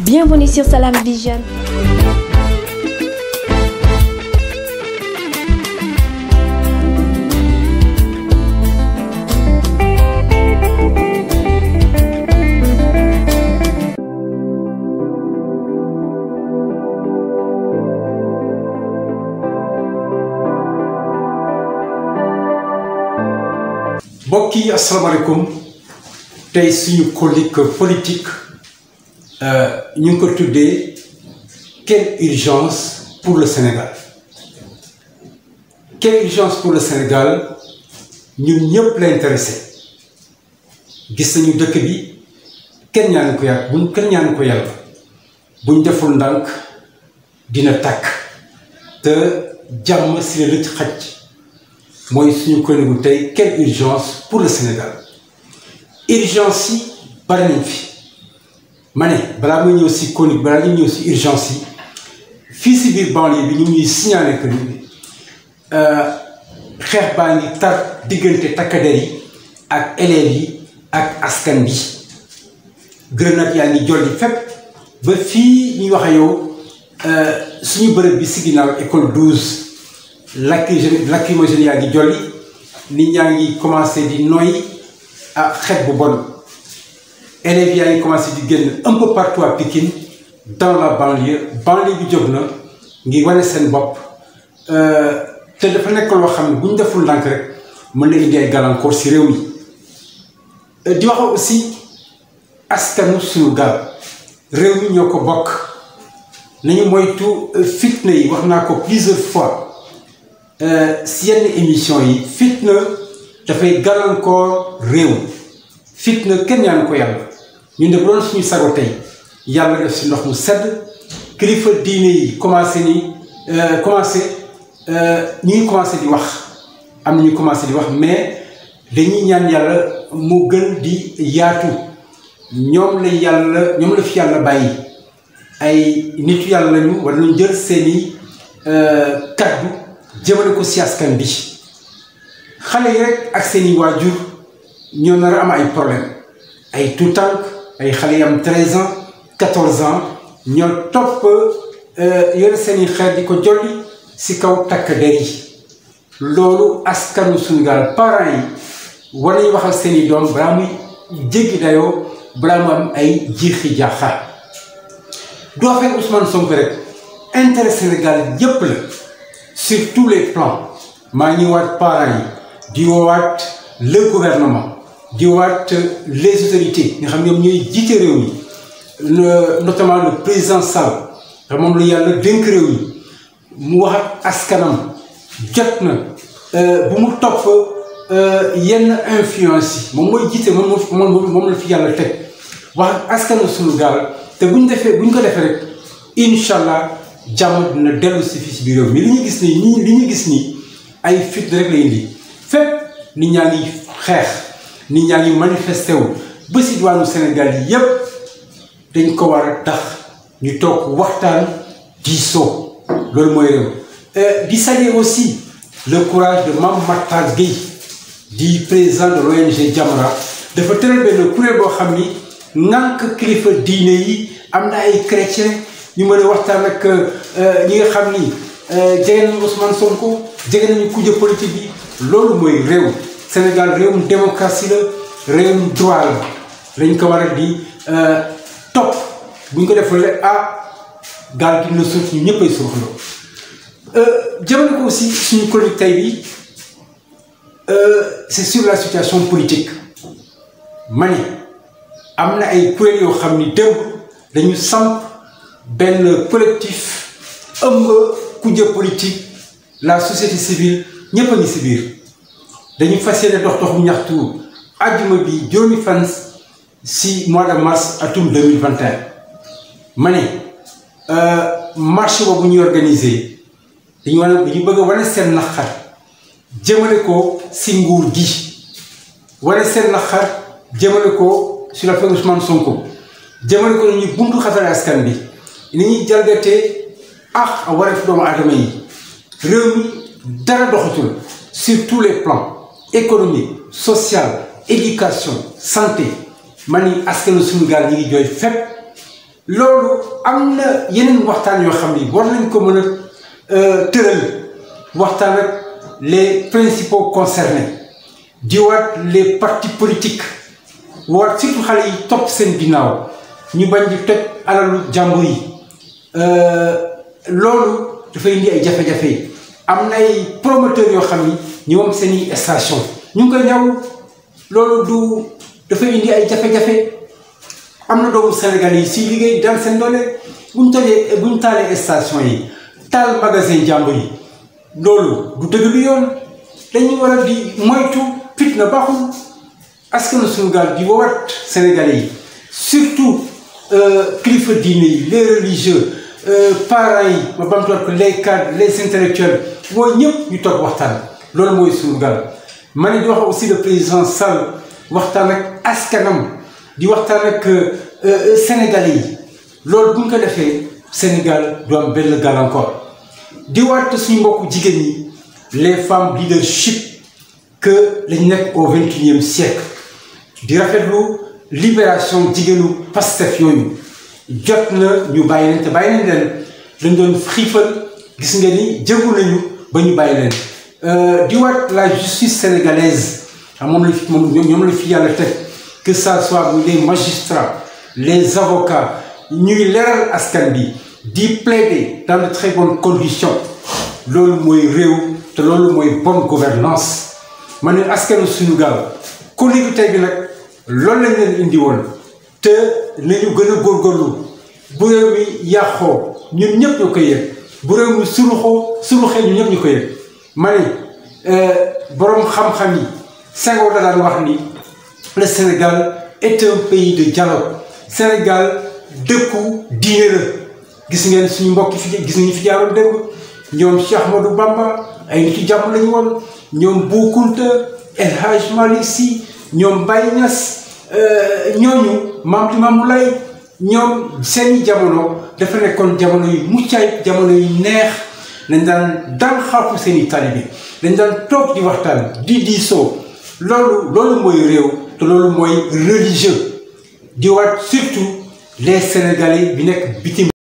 Bienvenue sur Salam Vision. mbokk yi asalaamaaleykum tey suñu colique politique. Euh, ñu ngi ko tuddee quelle urgence pour le Sénégal quelle urgence pour le Sénégal ñun ñëpp la intéressé gis nañu dëkk bi kenn ñaanu ko yàlla buñ kenn ñaanu ko yàlla buñ deful ndànk dina tàkk te jàmm si la lëcc xaj mooy suñu chronique bu tey quelle urgence pour le Sénégal urgence yi bari nañ fi ma ne balaa muy ñëw si chronique balaa ñuy ñëw si urgence yi fii si biir banlieue bi ñu ngi ñuy signalé que ni euh, xeex baa ngi tar diggante takkader yi ak élèves yi ak askan bi grenade yaa ngi jolli fépp ba fii ñuy wax euh, suñu bërëb bi si ginnaaw école douze lacrymogène lacrymogène yaa ngi jolli nit ñaa ngi commencé di nooy ak xet bu bon élèves yaa ngi commencé di génn un peu partout à Pikine dans la banlieue banlieue bi jóg na ngi wane seen bopp euh, te dafa nekk loo xam ne bu deful ndànk rek mën na indi ay gàllankoor si réew mi euh, di wax aussi askanu suñu gaal réew mi ñoo ko bokk nañu moytu euh, fitna yi wax naa ko plusieurs fois si yenn émission yi fitna dafay gàllankoor réew fitna kenn ñaan ko yàlla ñu ne bu doon suñu sago tey yàlla def si ndox mu sedd kilifa diine yi commencé ni euh, commencé euh, ñu ngi commencé di wax am na ñu commencé di wax mais dañuy ñaan yàlla mu gën di yaatu ñoom la yàlla ñoom la fi yàlla bàyyi ay nit yàlla lañu war nañu jël seeni euh, kaddu jëmale ko si askan bi xale yi rek ak seeni waajur ñoo nar a am ay problème ay tout ay xale yam 13 ans 14 ans ñoo topp euh, yore seeni xeer di ko jolli si kaw takk der yi loolu askanu Sénégal parents yi war nañu waxal seeni doom balaa muy jéggi dayoo balaa mu ay jiixi jaaxa doo fekk Ousmane Sonko rek Sénégal yépp la sur tous les plans maa ngi waat parents yi di woowaat le gouvernement di waat les autorités nga xam ñoom ñooy jiite réew mi notamment le président Sall xam moom la yàlla dénk réew mi mu wax ak askanam jot na euh, bu mu topp euh, yenn influence yi moom mooy jiite moom moom moom la fi yàlla teg wax ak askanu suñu gaal te buñ defee buñ ko defee rek incha allah jàmm dina dellu si fii si biir réew mi li ñu gis nii li ñu gis nii ay fit rek la indi fépp nit ñaa ngi xeex. nit ñaa ngi manifesté wu ba si diwaanu Sénégal yi yépp dañ ko war a tax ñu toog waxtaan diisoo loolu mooy réew euh, di saluer aussi le courage de Mame Mactar Guèye di président de l'ONG Jamra dafa tëral benn kuréel boo xam ni nank kilifa diine yi am na ay chrétien ñu mën a waxtaan ak euh, ñi nga xam ni euh, jege nañu Ousmane Sonko jege nañu kujje politique yi loolu mooy réew Sénégal réewum démocratie la réewum droit la lañ ko war a di euh, topp bu ñu ko defalee ah gaal gi dina suuf ñu ñëppay suufloo. Euh, jëmale ko aussi suñu chronique tey bi euh, c'est sur la situation politique ma ni am na ay kuréel yoo xam ni démb dañu samp benn collectif ëmb kujje politique la société civile ñëpp si biir. dañu fas yéene dox dox bu ñaxtu àjjuma bi juróomi fan si mois de mars atum 2021 ma ne euh, marche boobu ñuy organisé dañu wane dañu bëgg a seen naqar jëmale ko si nguur gi wane seen naqar jëmale ko sur l'affaire Ousmane Sonko jëmale ko ñu buntu xatale askan bi ni ñuy jalgatee ak a wareef doomu aadama yi réew mi dara doxatul sur tous les plans économie sociale éducation santé ma ni askanu suñu gaal ñi ngi jooy fépp loolu am na yeneen waxtaan yoo xam ni war nañ ko mën a euh, tëral waxtaan ak les principaux concernés diwaat les partis politiques surtout xale yi topp seen ginnaaw ñu bañ di toj alalu jàmbur yi euh, loolu dafay indi ay jafe-jafe am na ay promoteurs yoo xam ni ñoom seen i station ñu ngi koy ñaw loolu du dafa indi ay jafe-jafe am na doomu Sénégal yi si liggéey daan seen doole buñ tojee buñ taalee station yi taal magasin jàmbur yi loolu du dëgg du yoon dañuy war a di moytu fitna baaxul askanu suñu gaal di wowat Sénégalais yi surtout euh, kilifa diine yi les religieux euh, parents yi ma bamtuwaat ko les cadres les intellectuels mooy ñëpp ñu toog waxtaan. loolu mooy surgal ma ne di wax aussi le président Sall waxtaan ak askanam di waxtaan rek euh, euh, Sénégalais yi loolu bu ñu ko defee Sénégal du am benn gàllankoor di waat suñu mbokku jigéen ñi les femmes leadership que lañ nekk au vingt et unième siècle di rafetlu libération jigéenu Pastef yooyu jot na ñu bàyyi leen te bàyyi leen leen dañ doon xiifal gis nga ni jëgu nañu ba ñu bàyyi leen Euh, diwaat la justice sénégalaise xam ah, moom la fi moom ñoom la fi yàlla teg que ça soit les magistrats les avocats ñuy leeral askan bi di plaider dans très bonnes conditions loolu mooy réew te loolu mooy bonne gouvernance ma ne askanu suñu gaaw collectivité bi nag loolu lañ leen indi woon te nañu gën a góorgóorlu bu réew mi yàqoo ñun ñëpp ñu koy yëg bu réew mi suruxoo suruxee ñun ñëpp ñu ko yëg ma euh, boroom xam-xam yi Senghor da daan wax ni le Sénégal est un pays de dialogue Sénégal dëkku diine la gis ngeen suñu mbokki fi gis nañu fi jaaroon démb ñoom Cheikh Ahmadou Bamba ay nit ci jàmm lañu woon ñoom Bou Kounta El Hadj Malick Sy ñoom Baye euh, ñoom seeni jamono dafa nekkoon jamono yu muccaay jamono yu neex dañ daan dal xarfu seen i bi dañ daan toog di waxtaan di diisoo loolu loolu mooy réew te loolu mooy religieux di waat surtout les sénégalais bi nekk bitim